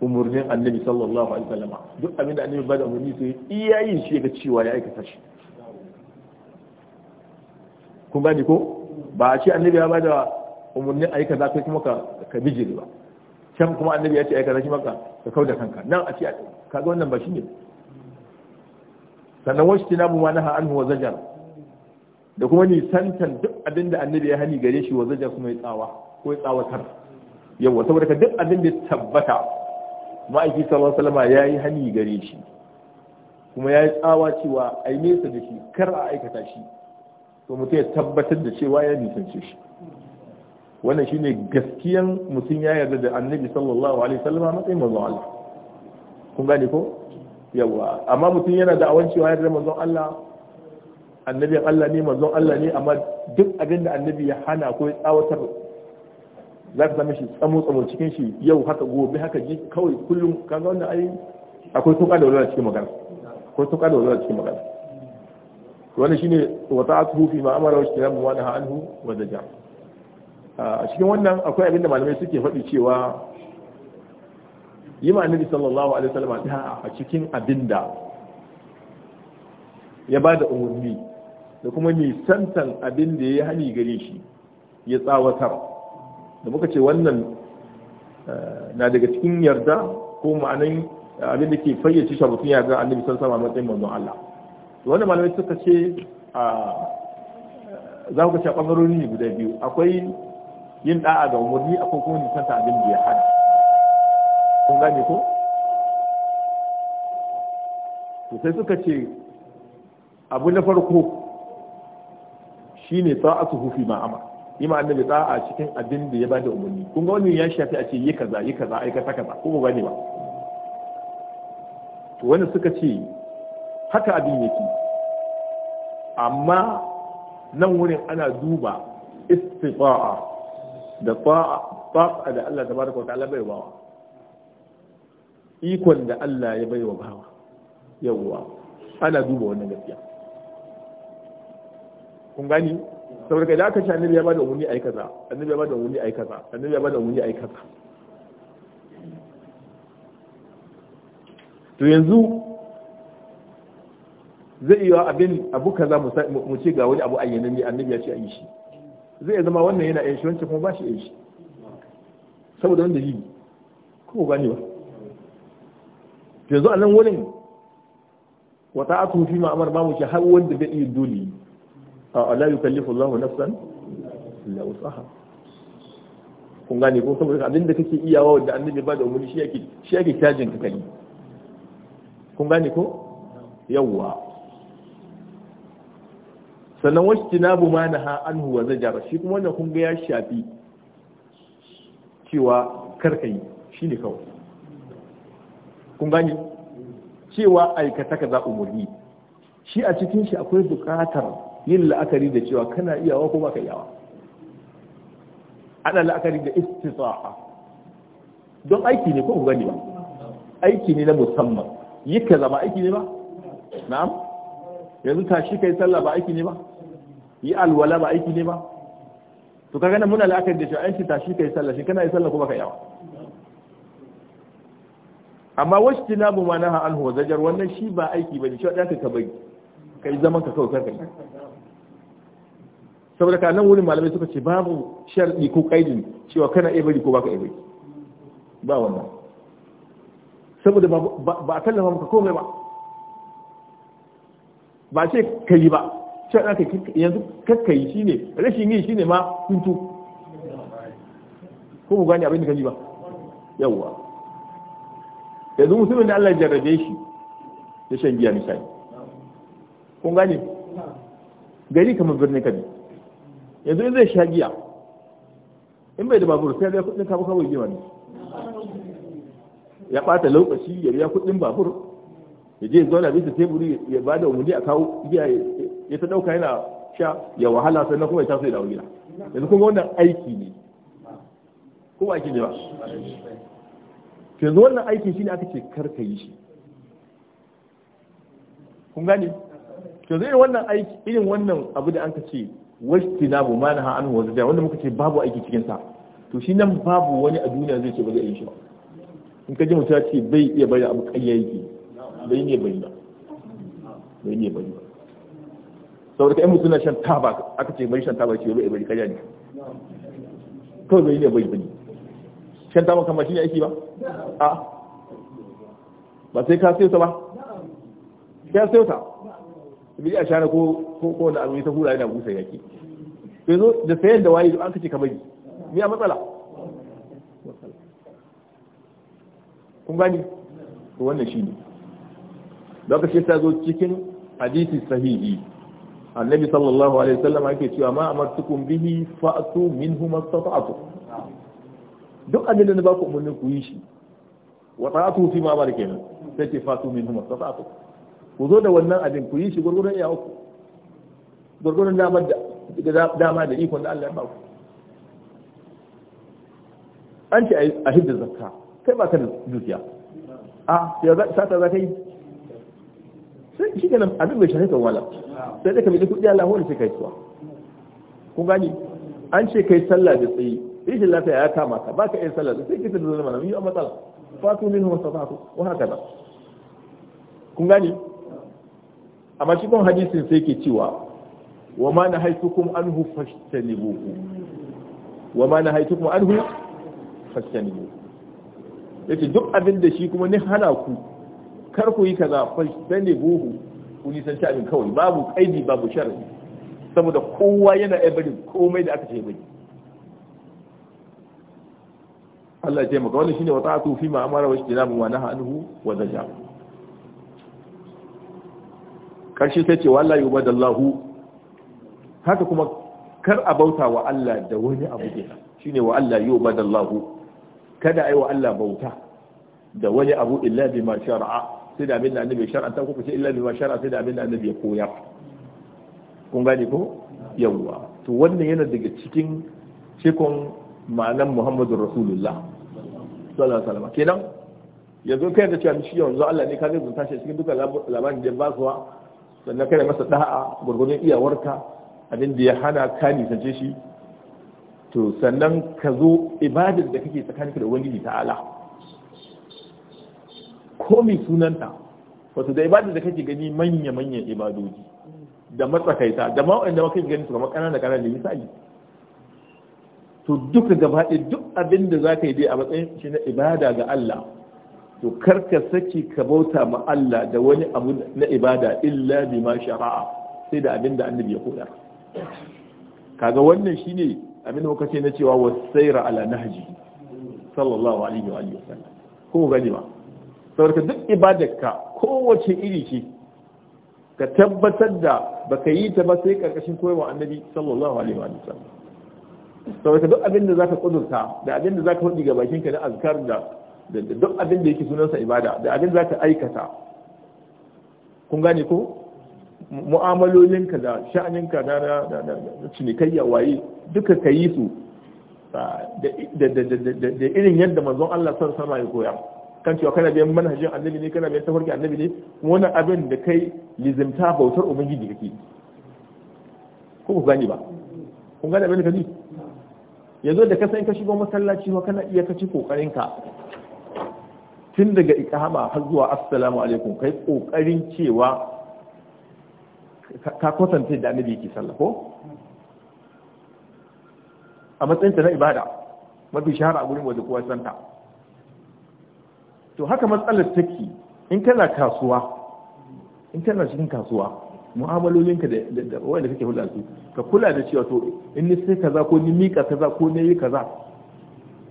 umurnin annabi sallallahu alaihi wasallam duk abin da annabi bada umarni sai iya yin shi ga cewa ya aikata shi kun bani ko ba a ce annabi ya ba da umarni a yi kaza kai kuma ka bijiri ba can kuma annabi ya ce a yi kaza shi maka ka kau da kanka nan a ce a ga wannan ba shi ne sannan wasu tinabu ma na ha'an wa zajar da kuma ni santan duk abin da annabi ya hani gare shi wa zajar kuma ya tsawa ko ya tsawatar yawa saboda ka duk abin da tabbata ma'aiki sallallahu alaihi wasallam ya yi hani gare shi kuma ya yi tsawa cewa a yi nesa da shi kar a aikata shi to mutum ya tabbatar da cewa ya nisance shi wannan shine gaskiyan mutum ya yarda da annabi sallallahu alaihi wasallam a matsayin manzon Allah kun gane ko yawa amma mutum yana da awan cewa ya yarda manzon Allah annabi Allah ne manzon Allah ne amma duk abin da annabi ya hana ko ya tsawatar za ka sami shi tsamo tsamo cikin shi yau haka gobe haka ji kawai kullum kaga wannan ai akwai tuka da walwala cikin magana akwai tuka da walwala cikin magana wani shine wata asuhu fi ma'amara wa shirabu wa wani ha'anhu wa daja a cikin wannan akwai abin da malamai suke faɗi cewa yi ma annabi sallallahu alaihi wasallam da a cikin abin da ya da umarni da kuma santan abin da ya yi hani gare shi ya tsawatar da muka ce wannan eh, na daga cikin yarda ko ma'anin abin da ke fayyace shabutun mutum yarda annabi sallallahu alaihi wasallam matsayin manzon Allah Wani malamai suka ce a za ku ce ɓangarori ne guda biyu akwai yin da'a ga umarni akwai kuma nisanta abin da ya hada kun gane ko to sai suka ce abu na farko Shi ne ta a tuhufi ma'ama yi ma da ta'a cikin abin da ya da umarni kun ga wani ya shafi a ce yi kaza yi kaza aikata kaza ko ba gane ba to suka ce haka abin yake amma nan wurin ana duba istifa'a da fa'a da Allah tabaraka wa ta'ala bai bawa ikon da Allah ya bai wa bawa yawwa ana duba wannan gaskiya kun gani saboda kai da aka ci annabi ya bada umarni ai kaza annabi ya bada umarni ai kaza annabi ya bada umarni ai kaza to yanzu zai iya abin abu kaza mu ce ga wani abu ayyana ne annabi ya ce ayi shi zai zama wannan yana ayi shi wancan kuma ba shi ayi shi saboda wanda yi ko gani ba yanzu a nan wurin wata atu fi ma'amar ba mu ce har wanda zai iya dole a la yukallifu Allahu nafsan illa wusaha kun gane ko saboda abin da kake iyawa wanda annabi ba da umarni shi yake shi yake cajin ka kai kun gane ko yawwa sannan wasu tinabu ma na ha an huwa zajara shi kuma wannan kun ga ya shafi cewa yi, shi ne kawai kun gani cewa aikata ka za umarni shi a cikin shi akwai buƙatar yin la'akari da cewa kana iyawa ko baka iyawa ana la'akari da istita'a don aiki ne ko kun gani ba aiki ne na musamman yi ka zama aiki ne ba na'am yanzu tashi kai sallah ba aiki ne ba yi alwala ba aiki ne ba to kaga nan muna la'akar da shi an ci tashi kai sallah shi kana yi sallah kuma ka yawa amma wasu tinabu ma na anhu wa zajar wannan shi ba aiki bane shi wadaka ka bari kai zaman ka kawai kanka saboda ka nan wurin malamai suka ce babu sharɗi ko kaidin cewa kana iya bari ko baka iya bari ba wannan saboda ba a tallafa maka komai ba ba ce ka yi ba cewa ɗanka yanzu kakkayi shi ne rashin yi shi ne ma hutu ko mu gane abin da ka ji ba yawwa yanzu musulmin da Allah jarrabe shi da shan giya misali kun gani gari kamar birnin kabi yanzu in zai sha giya in bai da babur sai ya kudin kawo kawai giya ne ya ɓata lokaci ya biya kudin babur ya je zauna bisa teburi ya ba da umarni a kawo giya ya ta dauka yana sha ya wahala sannan kuma ya taso da dawo gida yanzu kuma wannan aiki ne ko aiki ne ba yanzu wannan aiki shine aka ce karka yi shi kun gane yanzu irin wannan aiki irin wannan abu da ka ce wastinabu ma naha anhu wa zada wanda muka ce babu aiki cikin sa to shi nan babu wani a duniya zai ce ba zai yi shi ba in ka ji mutum ya ce bai iya bari abu ƙayya yake bai ne bari ba bai ne bari ba saboda ka yan mutum na shan taba aka ce mai shan taba ce bai bai kaya ne kawai bai ne bai bai shan taba kamar shi ne aiki ba a ba sai ka sayo ta ba ya sayo ta bi a shana ko ko ko da abin ta hura yana busa yaki to zo da sayar da waye an kace ka bari me ya matsala kun gani to wannan shine lokaci ta zo cikin hadisi sahihi annabi sallallahu alaihi wasallam yake cewa ma amartukum bihi fa'tu minhu mastata'tu duk abin da na baku umarni ku yi shi wa ta'atu fi ma bar sai ce fa'tu minhu mastata'tu ku zo da wannan abin ku yi shi gurgurun ya ku gurgurun damar da dama da ikon da Allah ya baku an ce a hidda zakka kai ba ka da dukiya a sai za ta za ka yi sai shi ganin abin mai shafi kan wala sai da ka mai kuɗi Allah wani sai kai suwa ku gani an ce kai sallah da tsayi rashin lafiya ya kama ka ba ka yin sallah da sai kisa da zama na yi a matsala fatu ne na huwa fatu ko haka ba ku gani amma shi kan hadisin sai ke cewa wa ma na haitukum anhu fashtanibuhu wa ma na haitukum anhu fashtanibuhu yace duk abin da shi kuma ni hana ku kar ku yi kaza fastani buhu ku nisanci abin kawai babu kaidi babu sharri saboda kowa yana ebarin komai da aka ce bai Allah ya taimaka wani shine wata'atu fi ma amara wa istinabu wa naha anhu wa zaja karshe sai ce yi wallahi ubadallahu haka kuma kar a bauta wa Allah da wani abu ke shine wa Allah yi yubadallahu kada a yi wa Allah bauta da wani abu illa bi ma shar'a sai da abin da annabi ya shar'anta ko ku ce illa bima shar'a sai da abin da annabi ya koyar kun gane ko yawwa to wannan yana daga cikin cikon malam muhammadur rasulullah sallallahu alaihi wasallam kenan yanzu kai da cewa shi yanzu Allah ne ka zai zunta shi cikin dukkan labarin da ba suwa sannan kai masa da'a gurgurun iyawarka abin da ya hana ka nisance shi to sannan ka zo ibadar da kake tsakaninka da wani ta'ala mai sunanta wato da ibadar da kake gani manya manyan ibadoji da matsakaita da ma wanda kake gani su da kanana da misali to duka gaba duk abin da za ka yi dai a matsayin shi na ibada ga Allah to karka saki ka bauta ma Allah da wani abu na ibada illa bi ma shara'a sai da abin da annabi ya koyar kaga wannan shine abin da kuka ce na cewa wasaira ala nahji sallallahu alaihi wa sallam ko gani ba saboda duk ibadarka kowace iri ce ka tabbatar da baka yi ta ba sai karkashin koyarwa annabi sallallahu alaihi wa sallam saboda duk abin da zaka kudurta da abin da zaka faɗi ga bakinka na azkar da duk abin da yake sunansa ibada da abin zaka aikata kun gane ko mu'amalolinka da sha'aninka na cinikayya waye duka ka yi su da irin yadda manzon Allah sallallahu alaihi wa sallam ya koya kan cewa kana biyan manhajin annabi ne kana biyan tafarki annabi ne kuma wani abin da kai lizimta bautar ubangiji kake ko ku gani ba kun gane abin da kaji yanzu da ka san ka shigo masallaci ma kana iya kaci kokarin ka tun daga iqama har zuwa assalamu alaikum kai kokarin cewa ka kwatanta da annabi yake sallah ko a matsayin ta na ibada mafi shahara a gurin wajen kowa santa to haka matsalar take in kana kasuwa in kana cikin kasuwa mu'amalolinka da wanda kake hulɗa su ka kula da cewa to in ni sai kaza ko ni mika kaza ko ni yi kaza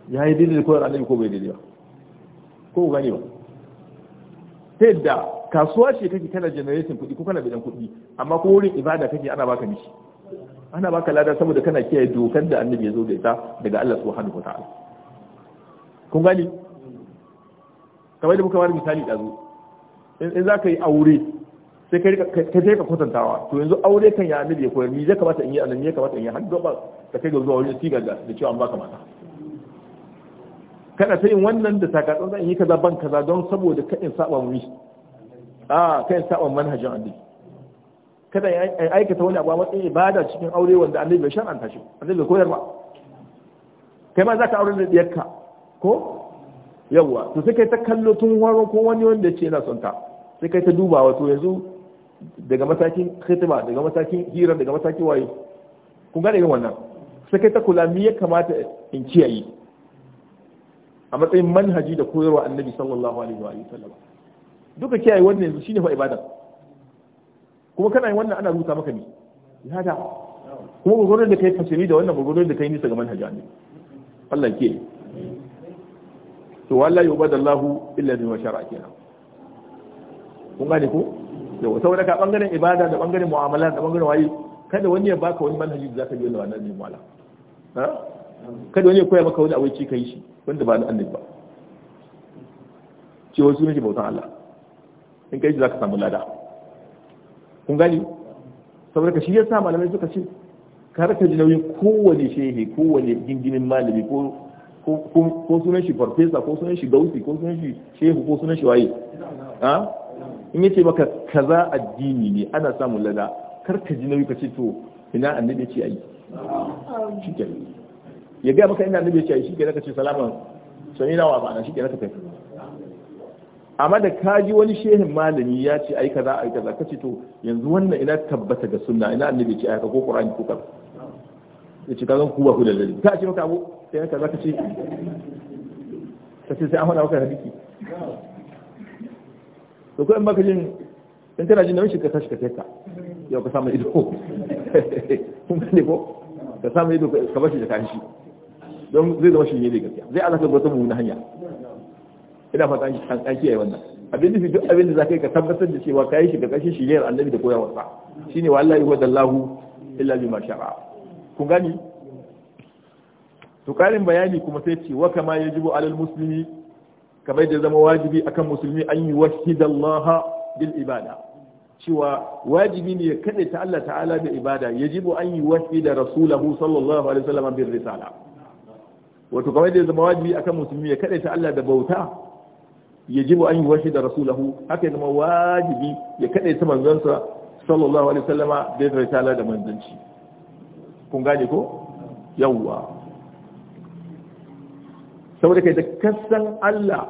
ya yi daidai da koyar annabi ko bai daidai ba ko gani ba Sai da kasuwa ce kake kana generating kuɗi ko kana bidan kuɗi amma ko wurin ibada kake ana baka mishi ana baka lada saboda kana kiyaye dokar da annabi ya zo da ita daga Allah subhanahu wataala kun gani kamar da muka bada misali ɗazu in za ka yi aure sai ka sai ka kwatantawa to yanzu aure kan ya annabi ya koyar ni zai kamata in yi annabi ya kamata in yi har ba ka kai ga zuwa wajen sigar da cewa an baka mata kada sai in wannan da sakatsan zan yi kaza ban kaza don saboda ka in saba mu a ka kaɗin saba manhajin annabi kada ya aikata wani abu a matsayin ibada cikin aure wanda annabi bai shan shar'anta shi annabi bai koyar ba kai ma zaka aure da diyarka ko yawa to sai kai ta kallo tun waro ko wani wanda ce yana son ta sai kai ta duba wato yanzu daga matakin khitba daga matakin hira daga matakin waye kun gane irin wannan sai kai ta kula me ya kamata in kiyaye a matsayin manhaji da koyarwa annabi sallallahu alaihi wa sallam duka kiyaye wannan yanzu shine fa ibada kuma kana yin wannan ana rubuta maka ne lada kuma gurgurar da kai fasiri da wannan gurgurar da kai nisa ga manhaji Allah ke to wallahi lahu illa bima shar'a kenan kun gane ko yau saboda ka bangaren ibada da bangaren mu'amala da bangaren wayi kada wani ya baka wani manhaji da zaka yi wannan ne ha kada wani ya koya maka wani abinci kai shi wanda ba ni annabi ba ce wasu ne bautan Allah in kai shi zaka samu lada kun gani saboda ka shi ya sa malamai suka ce kar ka ji nauyin kowane shehi kowane gingimin malami ko ko sunan shi farfesa ko sunan shi gausi ko sunan shi shehu ko sunan shi waye ha in yace maka kaza addini ne ana samun lada kar ka ji nauyi ka ce to ina annabi ce ai shikenan ya ga maka ina annabi ce ai shikenan ka ce salaman sai ina wa na shikenan ka kai amma da ka ji wani shehin malami ya ce ai kaza ai kaza ce to yanzu wannan ina tabbata ga sunna ina annabi ce ai ka ko qur'ani ko kaza yace ka zan ku ba ku da dalili ka ce maka abu sai haka za ka ce ta ce sai an faɗa maka hadisi to ko in baka jin in tana jin nauyin ka tashi ka kai ka yau ka samu ido kun ne ko ka samu ido ka bashi da kashi don zai zama shi ne gaskiya zai alaka gwata mu na hanya ina fata an kiyaye wannan abin da duk abin da ka yi ka tabbatar da cewa kai shi ga kashi shi ne annabi da koyawarsa shine wallahi wa dallahu illa ma sha'a kun gani to karin bayani kuma sai ce wa kama yajibu alal muslimi kamar da zama wajibi akan musulmi an yi wahidallaha bil ibada cewa wajibi ne ya ta Allah ta'ala da ibada yajibu an yi wahida rasulahu sallallahu alaihi wasallam bil risala wato kamar da zama wajibi akan musulmi ya kade ta Allah da bauta yajibu an yi wahida rasulahu haka zama wajibi ya kade ta manzansa sallallahu alaihi wasallama bil risala da manzanci kun gane ko yawwa saboda kai da kasan Allah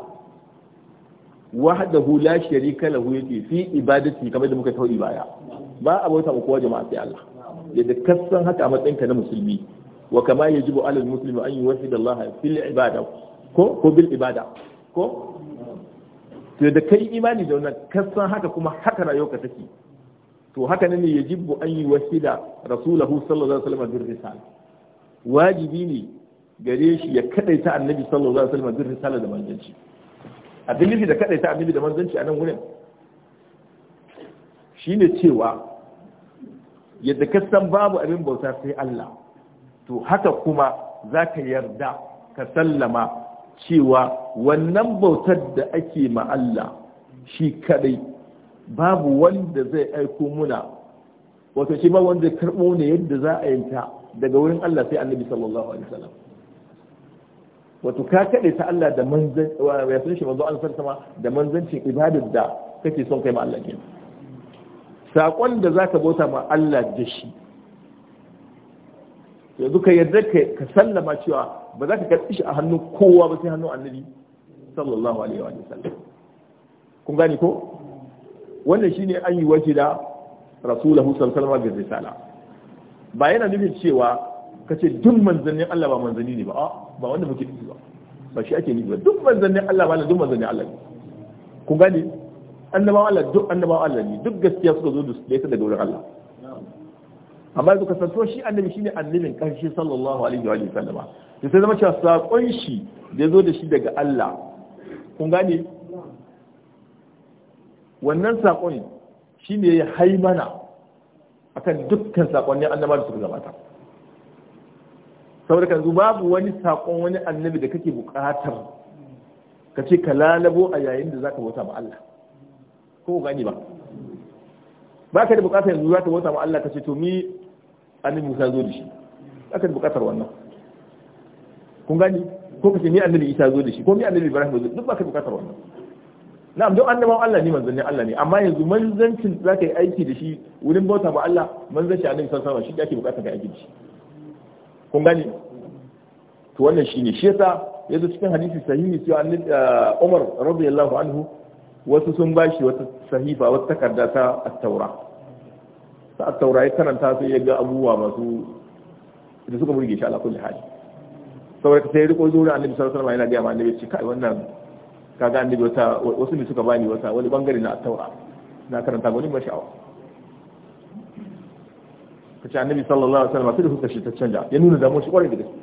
wahdahu la sharika lahu yake fi ibadati kamar da muka tauri baya ba a bauta ba kowa jama'a sai Allah yadda kasan haka a matsayinka na musulmi wa kama yajibu alal muslimi an yuwahhid Allah fil ibada ko ko bil ibada ko to da kai imani da wannan kasan haka kuma haka rayuwarka take to haka ne yajibu an yuwahhida rasulahu sallallahu alaihi wasallam bil risala wajibi ne gare shi ya kadaita annabi sallallahu alaihi wasallam din risala da manzanci a dalili da kadaita annabi da manzanci a nan gurin shine cewa yadda ka san babu abin bauta sai Allah to haka kuma zaka yarda ka sallama cewa wannan bautar da ake ma Allah shi kadai babu wanda zai aiko muna wato shi ba wanda karɓo ne yadda za a yanta daga wurin Allah sai annabi sallallahu alaihi wasallam wato ka kaɗe ta Allah da manzan ya sun shi manzo Allah sama da manzancin ibadar da kake son kai ma Allah ke saƙon da za ka bauta ma Allah da shi yanzu ka yarda ka sallama cewa ba za ka karɓi shi a hannun kowa ba sai hannun annabi sallallahu alaihi wa sallam kun gane ko wannan shine an yi da rasulahu sallallahu alaihi wa sallam ba yana nufin cewa kace duk manzannin Allah ba manzanni ne ba ba wanda muke ba ba shi ake nufi ba duk manzannin Allah ba duk manzannin Allah ne ku gani annabawa Allah duk annabawa Allah ne duk gaskiya suka zo da ita daga wurin Allah amma yanzu kasanto shi annabi shine annabin karshe sallallahu alaihi wa sallama da sai zama cewa sakon shi da ya zo da shi daga Allah ku gani wannan sakon shine ya haimana akan dukkan sakonnin annabawa da suka gabata saboda kanzu babu wani saƙon wani annabi da kake buƙatar ka ce ka lalabo a yayin da zaka bauta ma Allah ko gani ba ba ka da buƙatar yanzu zaka bauta ma Allah ka ce to mi annabi Musa zo da shi ba ka da buƙatar wannan kun gani ko ka ce mi annabi Isa zo da shi ko mi annabi Ibrahim zo duk ba ka da buƙatar wannan na'am don annabawan Allah ne manzannin Allah ne amma yanzu manzancin ka yi aiki da shi wurin bauta ma Allah manzancin annabi sallallahu alaihi wasallam shi ake buƙatar ka aiki da shi kun gani to wannan ne shi ya zo cikin hadisi sahihi sai annabi uh, Umar radiyallahu anhu wasu sun bashi wata sahifa wata takarda ta at-taura ta at-taura ya karanta sai ya ga abubuwa masu da suka burge shi ala kulli hali saboda sai riko zuwa annabi sallallahu alaihi wasallam yana ga ma annabi ce kai wannan kaga annabi wata wasu ne suka bani wata wani bangare na at-taura na karanta gwanin ba sha'awa ka ce annabi sallallahu alaihi wasallam sai da shi ta canja ya nuna damuwar shi kwarai da gaske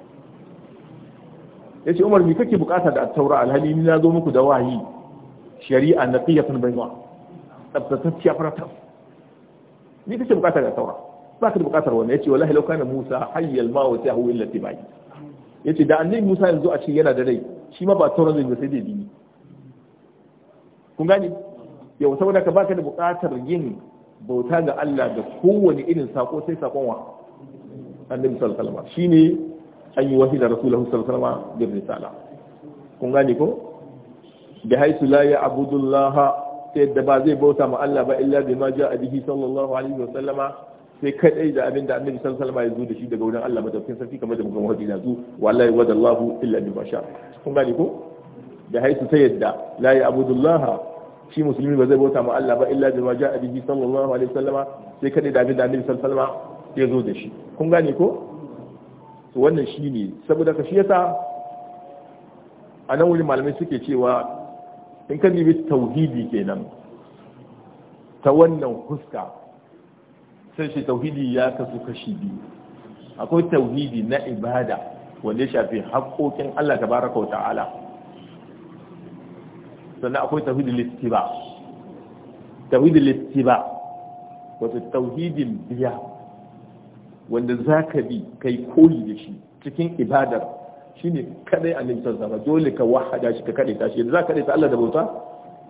yace Umar mi kake bukata da at-taura alhali ni na zo muku da wahyi shari'a naqiyatan bayna tsabtatacciya farata ni kake bukata da at-taura ba ka da bukatar wannan yace wallahi law kana Musa hayyal ma wa tahu illa bai yace da annabi Musa yanzu a ce yana da rai shi ma ba taura zai sai dai bi kun gani yau saboda ka baka da bukatar yin bauta ga Allah da kowane irin sako sai sakon wa annabi sallallahu alaihi wasallam shine an yi wahi da rasulullahi sallallahu alaihi wasallam da risala kun gane ko da haisu la ya abudullaha ta yadda ba zai bauta ma Allah ba illa bima ja'a bihi sallallahu alaihi wasallam sai kadai da abin da annabi sallallahu alaihi wasallam ya zo da shi daga wurin Allah madaukakin sarki kamar da muka wahabi na zu wallahi wadallahu illa bima sha kun gane ko da haisu ta yadda la ya abudullaha shi musulmi ba zai bauta ma Allah ba illa bima ja'a bihi sallallahu alaihi wasallama sai kada da abin da annabi sallallahu alaihi wasallama ya zo da shi kun gane ko to wannan shine saboda ka shi yasa a nan malamai suke cewa in ka nemi tauhidi kenan ta wannan huska sai shi tauhidi ya kasu kashi biyu akwai tauhidi na ibada wanda ya shafi haƙoƙin Allah tabaraka wa ta'ala sannan akwai tauhidul istiba tauhidul istiba wata tauhidin biya wanda zaka bi kai koyi da shi cikin ibadar shine kadai a sallallahu alaihi dole ka wahada shi ka kadai tashi za zaka kadai ta Allah da bauta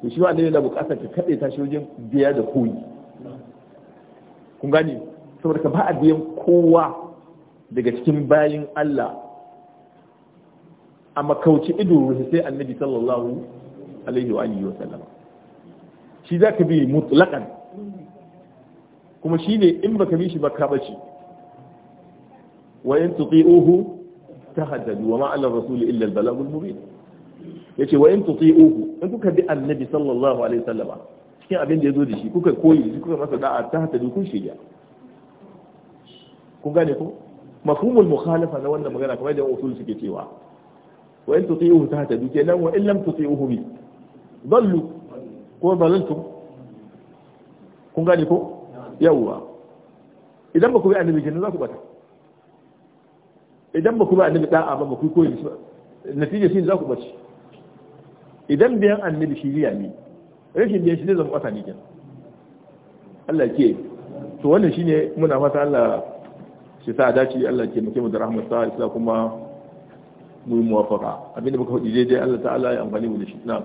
to shi annabi yana bukatar ka kadai tashi wajen biya da koyi kun gani saboda ka ba a biyan kowa daga cikin bayin Allah a makauci ido sai annabi sallallahu alaihi wa alihi wa sallam shi za ka bi mutlaqan kuma shi ne in baka bi shi ba ka bace wa in tuti'uhu tahaddadu wa ma ala rasul illa al-balagh al-mubin yace wa in in kuka bi annabi sallallahu alaihi wa sallama cikin abin da zo da shi kuka koyi kuka masa da'a ta tahaddadu kun shirya kun gane ko mafhumul mukhalafa na wannan magana kamar da usul suke cewa wa in tuti'uhu tahtadu kenan wa in lam tuti'uhu bi dallu ko dalaltum kun gani ko yawwa idan ba ku bi annabi kenan za ku bata idan ba ku bi annabi da'a ba ba ku koyi natija shi za ku bace idan biyan annabi shi riya ne rashin biyan shi ne zama kwata ne kenan Allah ke to wannan shine muna fata Allah shi sa dace Allah ke muke mu da rahmat sa Allah kuma mu muwafaqa abinda muka faɗi daidai Allah ta'ala ya amfani mu da shi na'am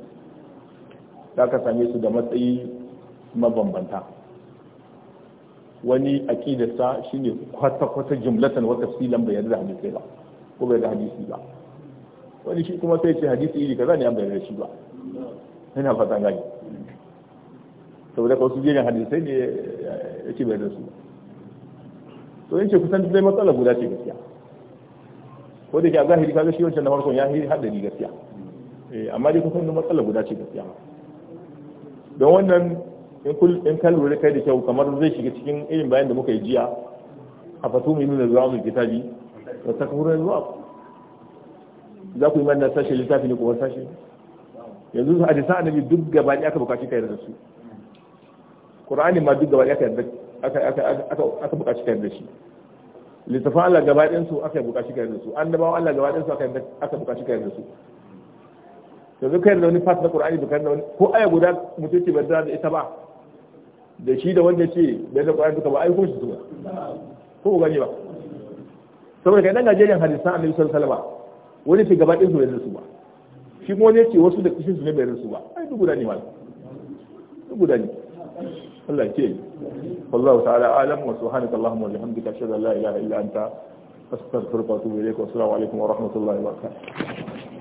za ka same su da matsayi mabambanta wani shi ne kwata-kwata jimlatan wata tafsilan bayar da hadisi ba ko bai da hadisi ba wani shi kuma sai ce hadisi iri kaza ne an bayar da shi ba yana fata gani saboda ka su jerin hadisai ne eh, ya ce bayar da su ba to ce kusan dai matsala guda ce gaskiya ko da ke a zahiri kaga shi wancan na farkon ya haddari gaskiya eh, amma dai kusan matsala guda ce gaskiya don wannan in ka lura kai da kyau kamar zai shiga cikin irin bayan da muka yi jiya a fatu mai nuna zuwa mai kitabi da ta kura zuwa za ku yi manna sashe littafi ne kuma sashe yanzu su hadisan nabi duk gaba ɗaya aka bukaci ka yarda su qur'ani ma duk gaba ɗaya aka yadda aka aka aka bukaci ka yarda shi littafan Allah gaba ɗayan su aka bukaci ka yarda su annabawan Allah gaba ɗayan su aka aka bukaci ka yarda su yanzu kai da wani fas na qur'ani ba kai da wani ko aya guda mutunci ce ba da ita ba da shi da wanda ce da da qur'ani duka ba ai ko shi zuwa ko gani ba saboda kai dan gajeren hadisan annabi sallallahu alaihi wani fi gaba su bai ba shi kuma wani ce wasu da kishin su ne bai rinsu ba ai duk guda ne duk guda ne Allah